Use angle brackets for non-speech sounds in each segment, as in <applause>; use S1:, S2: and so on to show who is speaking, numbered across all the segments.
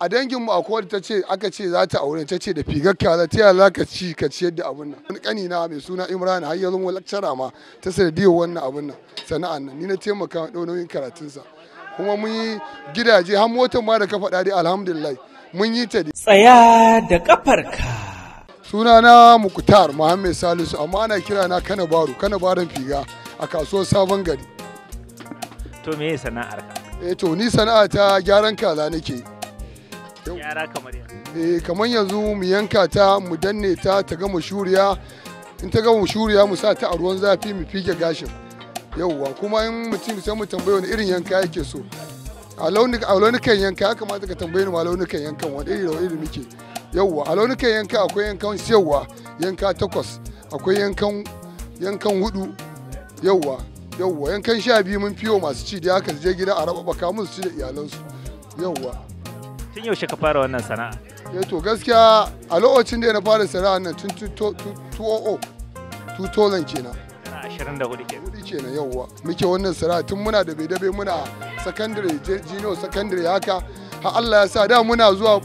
S1: a dangin mu akwai wadda tace aka ce za ta aure tace da figar kaza ta yalla ka ci ka ciyar da abun nan wani kani na mai suna Imran har yanzu mu lecturer ma ta diyo wannan abun nan sana'an nan ni na taimaka da nauyin karatun sa kuma mun yi gidaje har motar ma da ka faɗa dai alhamdulillah mun yi ta tsaya da kafarka suna na mukutar muhammed salisu amma ana kira na kana baro kana baron figa a kasuwar sabon gari
S2: to me sana'ar ka
S1: eh to ni sana'a ta gyaran kaza nake
S2: yara kamar yanzu
S1: eh kamar yanzu mu yanka ta mu danne ta ta gama shuriya in ta gama shuriya mu sa ta a ruwan zafi mu fige gashin yauwa kuma in mutum sai mu tambaye wani irin yanka yake so a launukan yanka ya kamata ka tambaye ni ma launukan yankan wani iri da wani iri muke yauwa a launukan yanka akwai yankan siyarwa yanka takwas akwai yankan yankan hudu yauwa yauwa yankan sha biyu mun fiyo masu ci da haka su je gida a raba baka musu ci da iyalansu yauwa
S2: tun yaushe ka fara wannan sana'a
S1: ya eh to gaskiya a lokacin da na fara sana'a nan tun 2000 2000 kenan
S2: 24 kenan kenan yawwa
S1: muke wannan sana'a tun muna da bai muna secondary jino secondary haka ha Allah ya sa da muna zuwa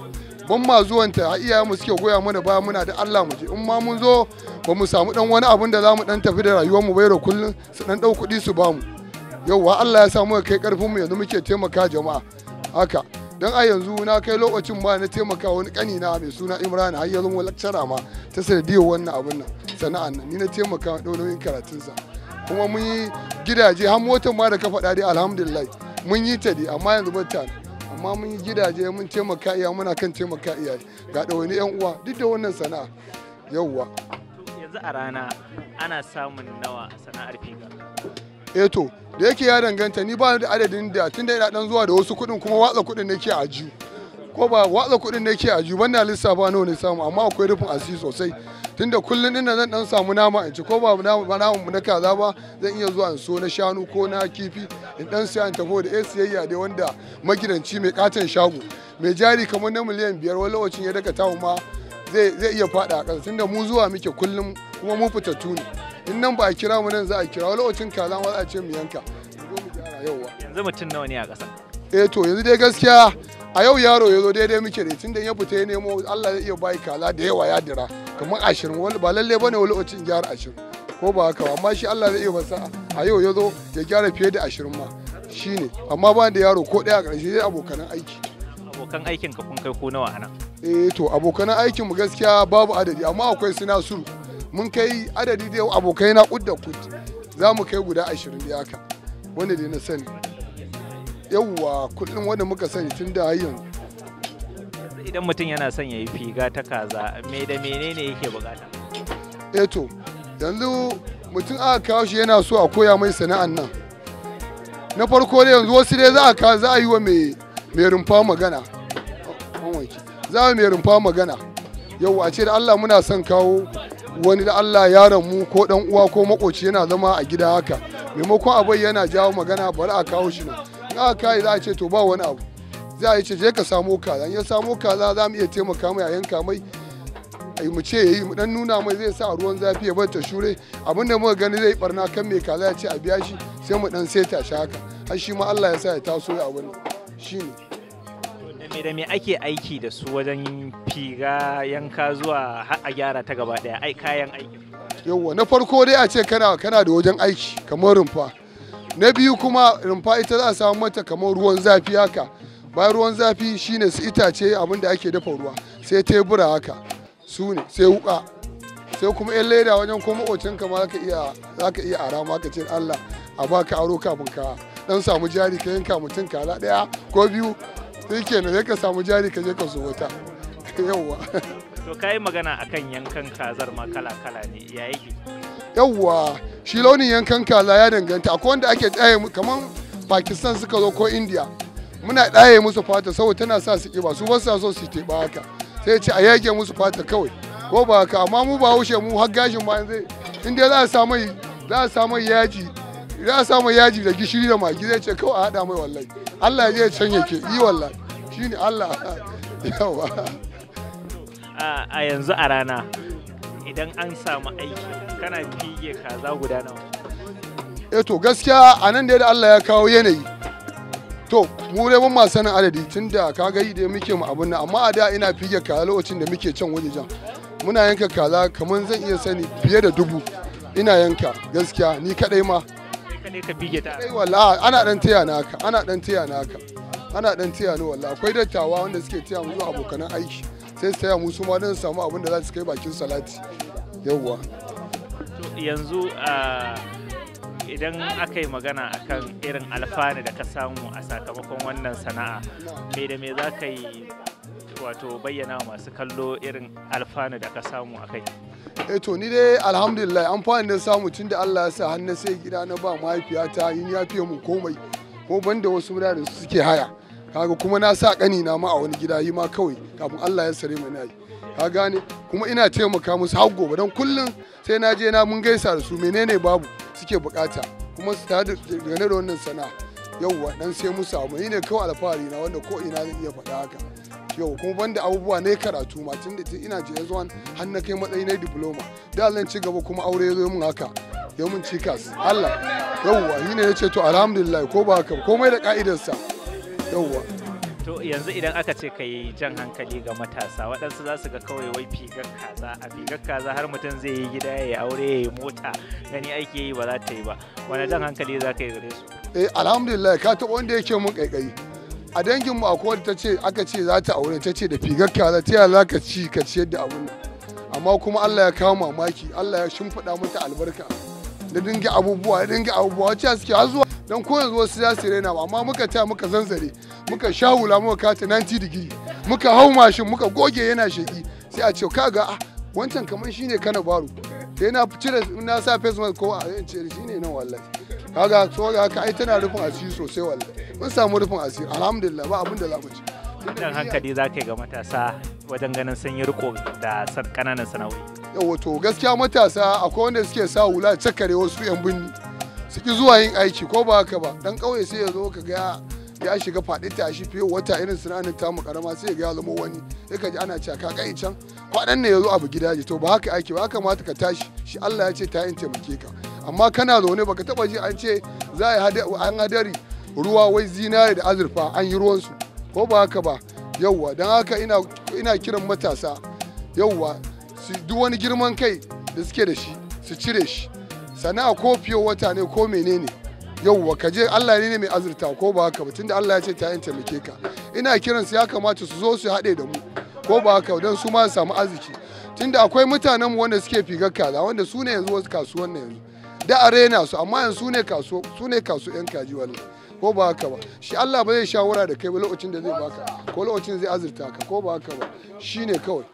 S1: ban ma zuwanta a iya mu suke goya mana baya muna da Allah mu je in ma mun zo ba mu samu dan wani abun da za mu dan tafi da rayuwar mu bai da kullun su dan dau kudi su mu yauwa Allah ya sa muka kai karfin mu yanzu muke taimaka jama'a haka don a yanzu na kai lokacin ba na taimaka wani kani na mai suna imran har yanzu wani lakcara ma ta sanadiyar wannan abun nan sana'an nan ni na taimaka ɗaunoyin karatunsa kuma mun yi gidaje har motar ma da ka faɗa dai alhamdulillah mun yi ta dai amma yanzu bata amma mun yi gidaje mun taimaka iya muna kan taimaka iya ga ɗawaini yan uwa duk da wannan sana'a yauwa
S2: yanzu a rana ana samun nawa sana'ar fika eto eh to da
S1: yake ya danganta ni ba da adadin da tun da ina dan zuwa da wasu kuɗin kuma watsa kuɗin nake a ju ko ba watsa kuɗin nake a ju bana lissafa nawa ne samu amma akwai rufin asiri sosai tunda kullun ina zan dan samu nama in ci ko ba namu na kaza ba zan iya zuwa in so na shanu ko na kifi in dan siya in tafi da eh siyayya dai wanda magidanci mai katon shago mai jari kamar na miliyan biyar wani lokacin ya daka tawo ma zai iya fada a ƙasa tunda mu zuwa muke kullum kuma mu fitattu ne in nan ba a kira mu nan za a kira wani otin kaza ma za a ce mu yanka
S2: yanzu mutum nawa ne a ƙasa
S1: eh to yanzu dai gaskiya a yau yaro ya zo daidai muke ne tunda ya fita ya nemo Allah zai iya bai kaza da yawa ya dira kamar ashirin wani ba lalle bane wani lokacin gyara ashirin ko ba haka amma shi Allah zai iya fasa a yau ya zo ya gyara fiye da ashirin ma shine amma ba da yaro ko ɗaya a ƙarshe zai abokan aiki
S2: abokan aikin ka kun kai ko nawa ana?
S1: eh to abokan aikin mu gaskiya babu adadi amma akwai suna suru mun kai adadi da abokai na kudda kud za mu kai guda ashirin da haka wanda dai na sani yawwa kullum wanda muka sani tun da har yanzu
S2: idan mutum yana son ya yi figa ta kaza me da menene yake bukata
S1: eh to yanzu mutum aka kawo shi yana so a koya mai sana'an nan na farko dai yanzu wasu dai za a za a yi wa mai mai rumfa magana za a mai rumfa magana yau a ce da Allah muna son kawo wani da Allah ya ramu ko dan uwa ko makoci yana zama a gida haka maimakon abai yana jawo magana bari a kawo shi ne. in aka kai za a ce to ba wani abu za a ce je ka samo kaza ya samo kaza za mu iya taimaka mai a yanka mai mu ce yayi mu dan nuna mai zai sa ruwan zafi ya bar ta shure abinda muka gani zai barna kan mai kaza ya ce a biya shi sai mu dan seta shi haka har shi ma Allah ya sa ya taso ya wani. shine
S2: me da me ake aiki da su wajen figa yanka zuwa har a gyara ta gaba daya ai kayan aiki
S1: yawwa na farko dai a ce kana kana da wajen aiki kamar rumfa na biyu kuma rumfa ita za a samu mata kamar ruwan zafi haka bayan ruwan zafi shine su itace abin da ake dafa ruwa sai tebura haka su ne sai wuka sai kuma yan leda wajen ko ka ma zaka iya iya ara ma ka ce Allah a baka aro kafin ka dan samu jari ka yanka mutum kala daya ko biyu sai kenan sai ka samu jari ka je ka so wata <laughs> yauwa
S2: to kai magana akan yankan kazar ma kala kala ne ya yake
S1: yawwa shi launin yankan kaza ya danganta akwai wanda ake tsaye kamar pakistan suka zo ko india muna ɗaye musu fata saboda tana sa su ƙiba su basu so su teba haka sai ce a yage musu fata kawai ko ba haka amma mu ba haushe mu har gashin ma in dai za a samu za a samu yaji Idan a samu yaji da gishiri da magi zai ce kawai a haɗa mai wallahi Allah ya can ya ke yi wallahi shine Allah yawa
S2: a yanzu a rana idan an samu aiki kana fiye kaza guda nawa
S1: eh to gaskiya a nan da Allah ya kawo yanayi to mu dai mun ma sanin adadi tunda ka ga da muke mu abun nan amma a da ina fige kaza lokacin da muke can waje jan muna yanka kaza kamar zan iya sani fiye da dubu ina yanka gaskiya ni kadai ma
S2: ana
S1: dan tiya ana dan tiya ana dan tiya ni wallahi akwai dattawa wanda suke tiya mu zuwa abokanan aiki sai su taya mu su ma su samu abin da za su kai bakin salati yawwa
S2: to yanzu ah, idan aka yi magana akan irin alfanu da ka samu a sakamakon wannan sana'a me da me za ka yi wato bayyana masu kallo irin alfanu da ka samu a kai
S1: eh to ni dai alhamdulillah amfani da samu tun da Allah ya sa hannun sai gida na ba mahaifiyata in ya fiye mun komai ko banda wasu wuraren suke haya kaga kuma na sa kani na ma a wani gida yi ma kawai kafin Allah ya sare mu nayi ka gane kuma ina taimaka musu har gobe don kullum sai na je na mun gaisa da su menene babu suke bukata kuma su ta da wannan sana'a yauwa dan sai musu abu ne kawai alfahari na wanda ko ina zan iya faɗa haka yau kuma banda abubuwa na karatu ma tun da ina je yanzu har na kai matsayi na diploma da zan ci gaba kuma aure ya zo haka yau mun cikas Allah yauwa shi ne ya ce to alhamdulillah ko ba haka komai da ka'idarsa yauwa
S2: to yanzu idan aka ce ka yi jan hankali ga matasa waɗansu za su ga kawai wai figar kaza a figar kaza har mutum zai yi gida ya yi aure ya yi mota gani aiki yi ba za ta yi ba wani jan hankali za ka yi gare su
S1: eh alhamdulillah ka taɓa wanda yake mun kai-kai. a dangin mu akwai wadda tace aka ce za ta aure tace da figar kaza ta yaya zaka ci ka ciyar da abun amma kuma Allah ya kawo mamaki Allah ya shimfiɗa mata albarka da dinga abubuwa da dinga abubuwa wacce suke har zuwa dan ko yanzu wasu za su raina amma muka ta muka zanzare muka shahula muka kata 90 digiri muka hau mashin muka goge yana sheki sai a ce kaga ah wancan kamar shine kana baro sai na cire na sa face mask ko a ce shine nan wallahi kaga so ga ka ai tana rufin asiri sosai wallahi mun samu rufin asiri alhamdulillah ba abin da za mu ci
S2: dan hankali za ka ga matasa wajen ganin sun yi riko da kananan sana'o'i
S1: yawa to gaskiya matasa akwai wanda suke sa hula cakare wasu yan su ki zuwa yin aiki ko ba haka ba dan kauye sai ya zo ka ga ya shiga faɗi tashi fiye wata irin sunanin tamu karama sai ya zama wani sai ka ji ana cewa ka kai can kwaɗan ne ya zo abu gidaje to ba haka aiki ba haka mata ka tashi shi Allah ya ce ta yin taimake ka amma kana zaune baka taba ji an ce za a an hadari ruwa wai zinare da azurfa an yi ruwansu ko ba haka ba yauwa don haka ina kiran matasa yauwa duk wani girman kai da suke da shi su cire shi sana'a ko fiye wata ne ko menene yauwa ka je Allah ne mai azurta ko ba haka ba tunda Allah ya ce ta yin taimake ka ina kiran su ya kamata su zo su haɗe da mu ko ba haka don su ma samu arziki tunda akwai mutanen mu wanda suke figar kaza wanda su ne yanzu wasu kasuwan yanzu da arena su amma yanzu su ne kaso su ne kaso yan kaji wani ko ba haka ba shi Allah ba zai shawara da kai ba lokacin da zai baka ko lokacin zai azurta ka ko ba haka ba shine kawai